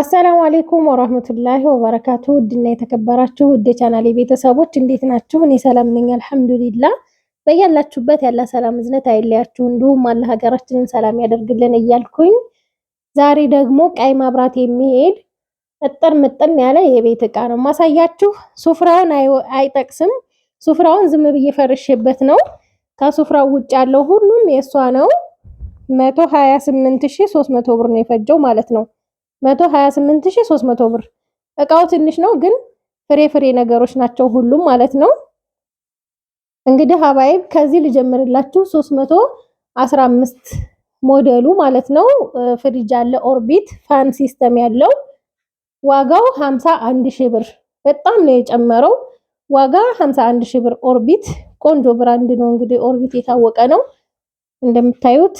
አሰላሙ አሌይኩም ወራህመቱላሂ ወበረካቱ። ውድና የተከበራችሁ ውድ የቻናሌ ቤተሰቦች እንዴት ናችሁ? እኔ ሰላም ነኝ አልሐምዱሊላ። በያላችሁበት ያለ ሰላም እዝነት አይለያችሁ፣ እንዲሁም አለ ሀገራችንን ሰላም ያደርግልን እያልኩኝ ዛሬ ደግሞ ቀይ መብራት የሚሄድ እጥር ምጥን ያለ የቤት እቃ ነው ማሳያችሁ። ሱፍራውን አይጠቅስም። ሱፍራውን ዝም ብዬ ፈርሼበት ነው። ከሱፍራው ውጭ ያለው ሁሉም የእሷ ነው። መቶ ሀያ ብር ነው የፈጀው ማለት ነው መቶ መቶ ብር እቃው ትንሽ ነው ግን ፍሬ ፍሬ ነገሮች ናቸው ሁሉም ማለት ነው። እንግዲህ ሀባይብ ከዚህ ልጀምርላችሁ። 315 ሞዴሉ ማለት ነው። ፍሪጅ አለ ኦርቢት ፋን ሲስተም ያለው ዋጋው ሀምሳ ሺህ ብር በጣም ነው የጨመረው። ዋጋ 51 ሺህ ብር። ኦርቢት ቆንጆ ብራንድ ነው እንግዲህ ኦርቢት የታወቀ ነው። እንደምታዩት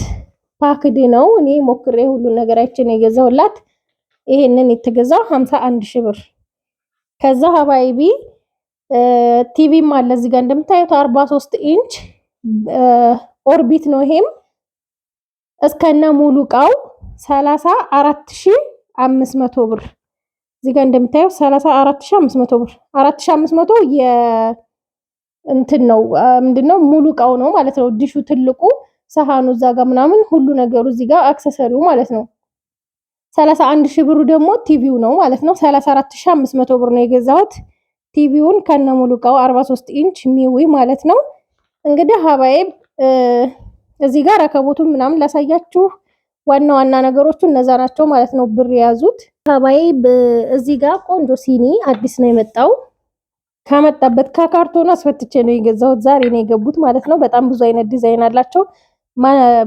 ፓክድ ነው። እኔ ሞክሬ ሁሉ ነገራችን የገዛውላት። ይሄንን የተገዛው 51 አንድ ሺህ ብር። ከዛ ሀባይቢ ቲቪም አለ እዚህ ጋር እንደምታዩት 43 ኢንች ኦርቢት ነው። ይሄም እስከነ ሙሉ እቃው 34500 ብር እዚህ ጋር እንደምታዩት 34500 ብር 4500 እንትን ነው ምንድነው ሙሉ እቃው ነው ማለት ነው። ዲሹ ትልቁ ሰሃኑ እዛ ጋር ምናምን ሁሉ ነገሩ እዚህ ጋር አክሰሰሪው ማለት ነው። ሰላሳ አንድ ሺህ ብሩ ደግሞ ቲቪው ነው ማለት ነው። ሰላሳ አራት ሺህ አምስት መቶ ብር ነው የገዛሁት ቲቪውን ከነ ሙሉ እቃው አርባ ሶስት ኢንች ሚዊ ማለት ነው። እንግዲህ ሀባይብ እዚህ ጋር ረከቦቱን ምናምን ላሳያችሁ ዋና ዋና ነገሮቹ እነዛ ናቸው ማለት ነው። ብር የያዙት ሀባይ እዚህ ጋር ቆንጆ ሲኒ አዲስ ነው የመጣው ከመጣበት ከካርቶኑ አስፈትቼ ነው የገዛሁት። ዛሬ ነው የገቡት ማለት ነው። በጣም ብዙ አይነት ዲዛይን አላቸው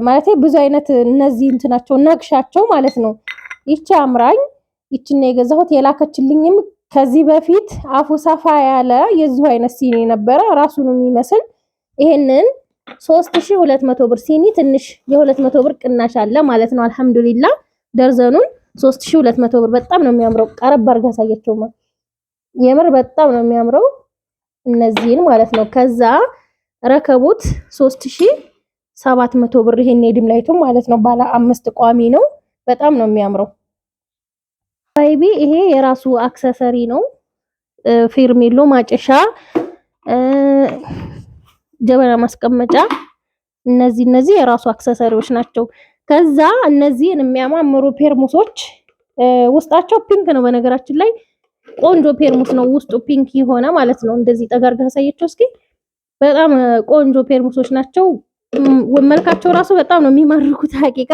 ማለት ብዙ አይነት እነዚህ እንትናቸው ነግሻቸው ማለት ነው ይቺ አምራኝ ይችን የገዛሁት የላከችልኝም ከዚህ በፊት አፉ ሰፋ ያለ የዚሁ አይነት ሲኒ ነበረ ራሱን የሚመስል ይሄንን 3200 ብር ሲኒ ትንሽ የ200 ብር ቅናሽ አለ ማለት ነው። አልሐምዱሊላ ደርዘኑን 3200 ብር በጣም ነው የሚያምረው። ቀረብ አድርጋ ሳየችውማ የምር በጣም ነው የሚያምረው። እነዚህን ማለት ነው። ከዛ ረከቡት 3700 ብር ይሄን የድምላይቱ ማለት ነው። ባለ አምስት ቋሚ ነው። በጣም ነው የሚያምረው። ሀይቢ ይሄ የራሱ አክሰሰሪ ነው። ፌርሜሎ ማጨሻ፣ ጀበና ማስቀመጫ፣ እነዚህ እነዚህ የራሱ አክሰሰሪዎች ናቸው። ከዛ እነዚህን የሚያማምሩ ፔርሙሶች ውስጣቸው ፒንክ ነው። በነገራችን ላይ ቆንጆ ፔርሙስ ነው ውስጡ ፒንክ የሆነ ማለት ነው። እንደዚህ ጠጋር ካሳየቸው እስኪ በጣም ቆንጆ ፔርሙሶች ናቸው። መልካቸው ራሱ በጣም ነው የሚማርኩት። ሀቂቃ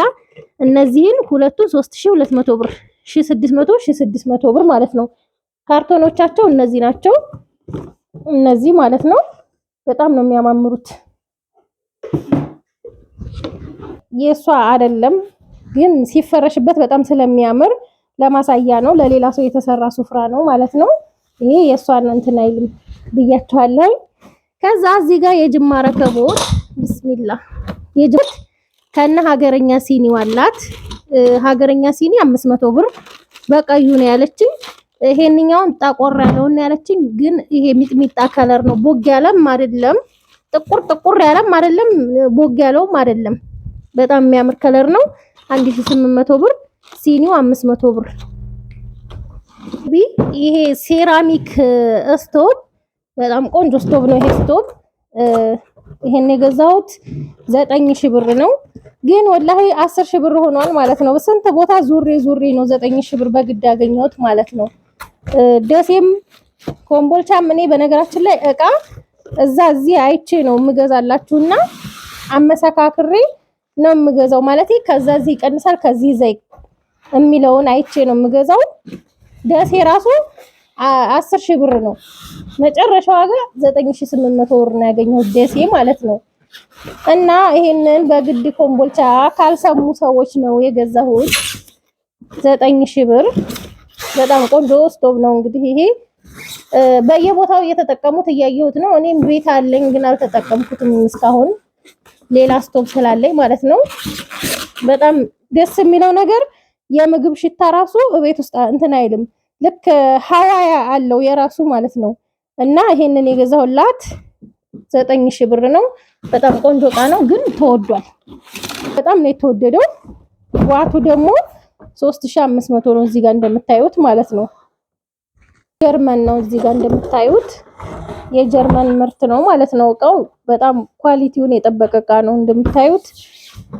እነዚህን ሁለቱን 3200 ብር 1600 1600 ብር ማለት ነው። ካርቶኖቻቸው እነዚህ ናቸው። እነዚህ ማለት ነው። በጣም ነው የሚያማምሩት። የእሷ አይደለም ግን ሲፈረሽበት በጣም ስለሚያምር ለማሳያ ነው። ለሌላ ሰው የተሰራ ሱፍራ ነው ማለት ነው። ይሄ የእሷን እንትን አይልም ብያችኋለሁ። ከዛ እዚህ ጋር የጅማ ረከቦት ብስሚላ የጅማ ከነ ሀገረኛ ሲኒዋላት ሀገረኛ ሲኒ አምስት መቶ ብር በቀዩ ነው ያለችኝ። ይሄንኛውን ጠቆር ያለውን ያለችኝ ግን ይሄ ሚጥሚጣ ከለር ነው። ቦግ ያለም አይደለም፣ ጥቁር ጥቁር ያለም አይደለም፣ ቦግ ያለውም አይደለም። በጣም የሚያምር ከለር ነው። 1800 ብር ሲኒው 500 ብር። ይሄ ሴራሚክ ስቶቭ በጣም ቆንጆ ስቶቭ ነው ይሄ ስቶቭ ይሄን የገዛሁት ዘጠኝ ሺህ ብር ነው፣ ግን ወላሂ አስር ሺህ ብር ሆኗል ማለት ነው። ስንት ቦታ ዙሬ ዙሬ ነው ዘጠኝ ሺህ ብር በግድ ያገኘሁት ማለት ነው። ደሴም ኮምቦልቻም። እኔ በነገራችን ላይ እቃ እዛ እዚህ አይቼ ነው የምገዛላችሁና አመሰካክሬ ነው የምገዛው ማለት ከዛ እዚህ ይቀንሳል ከዚህ ዘይ የሚለውን አይቼ ነው የምገዛው ደሴ ራሱ አስር ሺህ ብር ነው መጨረሻ ዋጋ ዘጠኝ ሺህ ስምንት መቶ ብር ነው ያገኘሁት ደሴ ማለት ነው። እና ይሄንን በግድ ኮምቦልቻ ካልሰሙ ሰዎች ነው የገዛሁት ዘጠኝ ሺህ ብር። በጣም ቆንጆ ስቶቭ ነው እንግዲህ ይሄ በየቦታው እየተጠቀሙት እያየሁት ነው። እኔም ቤት አለኝ ግን አልተጠቀምኩትም እስካሁን ሌላ ስቶቭ ስላለኝ ማለት ነው። በጣም ደስ የሚለው ነገር የምግብ ሽታ ራሱ ቤት ውስጥ እንትን አይልም። ልክ ሀዋያ አለው የራሱ ማለት ነው። እና ይሄንን የገዛሁላት ዘጠኝ ሺህ ብር ነው። በጣም ቆንጆ እቃ ነው፣ ግን ተወዷል። በጣም ነው የተወደደው። ዋቱ ደግሞ 3500 ነው እዚህ ጋር እንደምታዩት ማለት ነው። ጀርመን ነው እዚህ ጋር እንደምታዩት የጀርመን ምርት ነው ማለት ነው። እቃው በጣም ኳሊቲውን የጠበቀ እቃ ነው እንደምታዩት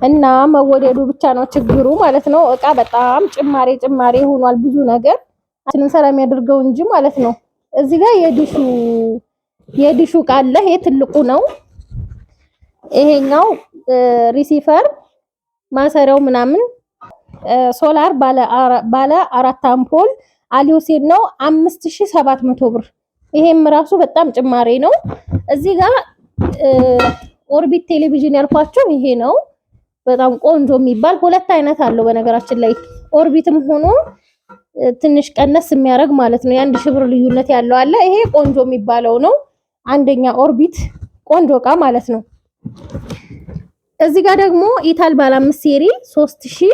እና መወደዱ ብቻ ነው ችግሩ ማለት ነው። እቃ በጣም ጭማሬ ጭማሬ ሆኗል ብዙ ነገር አችንን ሰላም ያድርገው እንጂ ማለት ነው። እዚህ ጋር የዲሹ የዲሹ ቃለ ይሄ ትልቁ ነው። ይሄኛው ሪሲቨር ማሰሪያው ምናምን ሶላር ባለ አራት አምፖል አሊዮሴን ነው 5700 ብር። ይሄም ራሱ በጣም ጭማሬ ነው። እዚህ ጋር ኦርቢት ቴሌቪዥን ያልኳቸው ይሄ ነው። በጣም ቆንጆ የሚባል ሁለት አይነት አለው። በነገራችን ላይ ኦርቢትም ሆኖ ትንሽ ቀነስ የሚያደርግ ማለት ነው። የአንድ ሺህ ብር ልዩነት ያለው አለ። ይሄ ቆንጆ የሚባለው ነው። አንደኛ ኦርቢት ቆንጆ እቃ ማለት ነው። እዚህ ጋር ደግሞ ኢታል ባለ አምስት ሴሪ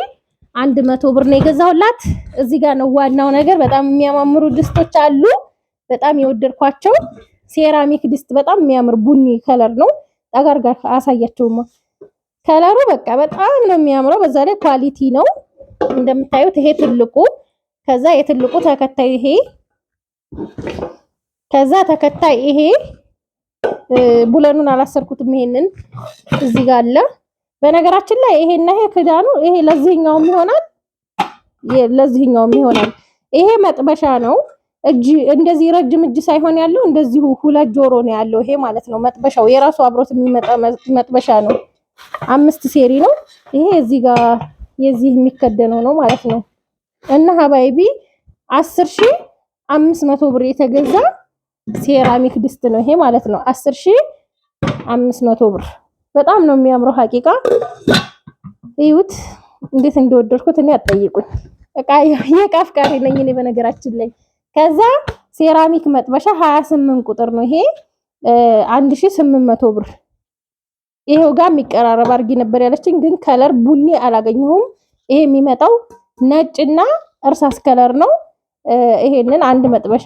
መቶ ብር ነው የገዛሁላት። እዚህ ጋር ነው ዋናው ነገር። በጣም የሚያማምሩ ድስቶች አሉ። በጣም የወደድኳቸው ሴራሚክ ድስት በጣም የሚያምር ቡኒ ከለር ነው። ጠጋር ጋር አሳያቸውማ ከለሩ በቃ በጣም ነው የሚያምረው። በዛ ላይ ኳሊቲ ነው እንደምታዩት። ይሄ ትልቁ ከዛ የትልቁ ተከታይ ይሄ ከዛ ተከታይ ይሄ ቡለኑን አላሰርኩትም። ይሄንን እዚህ ጋር አለ። በነገራችን ላይ ይሄና ይሄ ክዳኑ ይሄ ለዚህኛውም ይሆናል ለዚህኛውም ይሆናል። ይሄ መጥበሻ ነው። እጅ እንደዚህ ረጅም እጅ ሳይሆን ያለው እንደዚሁ ሁለት ጆሮ ነው ያለው። ይሄ ማለት ነው መጥበሻው የራሱ አብሮት የሚመጣ መጥበሻ ነው። አምስት ሴሪ ነው ይሄ። እዚህ ጋር የዚህ የሚከደነው ነው ማለት ነው። እና ሀባይቢ አስር ሺ አምስት መቶ ብር የተገዛ ሴራሚክ ድስት ነው ይሄ ማለት ነው። አስር ሺ አምስት መቶ ብር በጣም ነው የሚያምረው። ሀቂቃ እዩት እንዴት እንደወደድኩት እኔ አጠይቁኝ እቃ የዕቃ አፍቃሪ ነኝ እኔ በነገራችን ላይ። ከዛ ሴራሚክ መጥበሻ 28 ቁጥር ነው ይሄ 1800 ብር። ይሄው ጋር የሚቀራረብ አድርጊ ነበር ያለችኝ፣ ግን ከለር ቡኒ አላገኘሁም። ይሄ የሚመጣው ነጭና እርሳስ ከለር ነው። ይሄንን አንድ መጥበሻ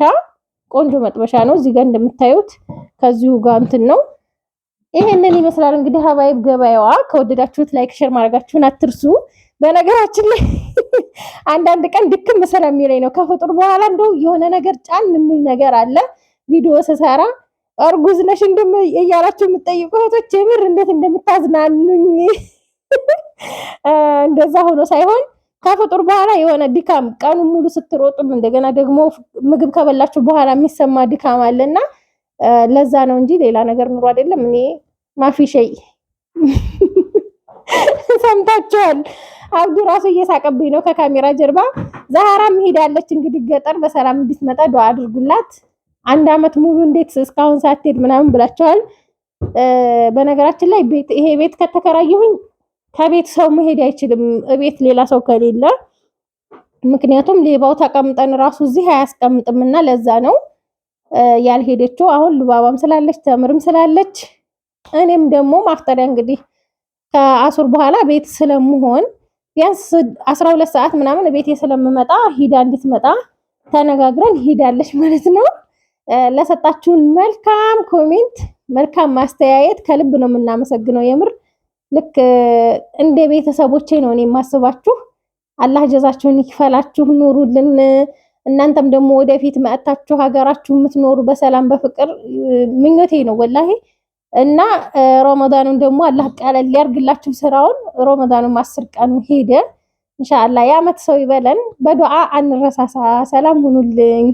ቆንጆ መጥበሻ ነው። እዚህ ጋር እንደምታዩት ከዚሁ ጋር እንትን ነው። ይሄንን ይመስላል እንግዲህ ሀባይብ ገበያዋ። ከወደዳችሁት ላይክ፣ ሼር ማድረጋችሁን አትርሱ። በነገራችን ላይ አንዳንድ ቀን ድክም ስለሚለኝ ነው ከፍጡር በኋላ እንደው የሆነ ነገር ጫን የሚል ነገር አለ ቪዲዮ ስሰራ እርጉዝ ነሽ እንደም እያላችሁ የምትጠይቁ እህቶች የምር እንዴት እንደምታዝናኑኝ እንደዛ ሆኖ ሳይሆን ከፍጡር በኋላ የሆነ ድካም ቀኑ ሙሉ ስትሮጡም እንደገና ደግሞ ምግብ ከበላችሁ በኋላ የሚሰማ ድካም አለና ለዛ ነው እንጂ ሌላ ነገር ኑሮ አይደለም። እኔ ማፊሸይ ሰምታችኋል። አብዱ ራሱ እየሳቀብኝ ነው ከካሜራ ጀርባ። ዛህራ ሄዳለች እንግዲህ ገጠር በሰላም እንድትመጣ ዱአ አድርጉላት። አንድ አመት ሙሉ እንዴት እስካሁን ሳትሄድ ምናምን ብላችኋል። በነገራችን ላይ ይሄ ቤት ከተከራየሁኝ ከቤት ሰው መሄድ አይችልም፣ እቤት ሌላ ሰው ከሌለ። ምክንያቱም ሌባው ተቀምጠን ራሱ እዚህ አያስቀምጥም እና ለዛ ነው ያልሄደችው። አሁን ልባባም ስላለች ተምርም ስላለች እኔም ደግሞ ማፍጠሪያ እንግዲህ ከአሱር በኋላ ቤት ስለምሆን ቢያንስ አስራ ሁለት ሰዓት ምናምን ቤቴ ስለምመጣ ሂዳ እንድትመጣ ተነጋግረን ሄዳለች ማለት ነው። ለሰጣችሁን መልካም ኮሜንት፣ መልካም ማስተያየት ከልብ ነው የምናመሰግነው የምር ልክ እንደ ቤተሰቦቼ ነው እኔ የማስባችሁ። አላህ ጀዛችሁን ይክፈላችሁ፣ ኑሩልን። እናንተም ደግሞ ወደፊት መጥታችሁ ሀገራችሁ የምትኖሩ በሰላም በፍቅር ምኞቴ ነው ወላሂ። እና ረመዳኑን ደግሞ አላህ ቀለል ሊያርግላችሁ ስራውን። ረመዳኑም አስር ቀኑ ሄደ። ኢንሻአላህ የአመት ሰው ይበለን። በዱዓ አንረሳሳ። ሰላም ሁኑልኝ።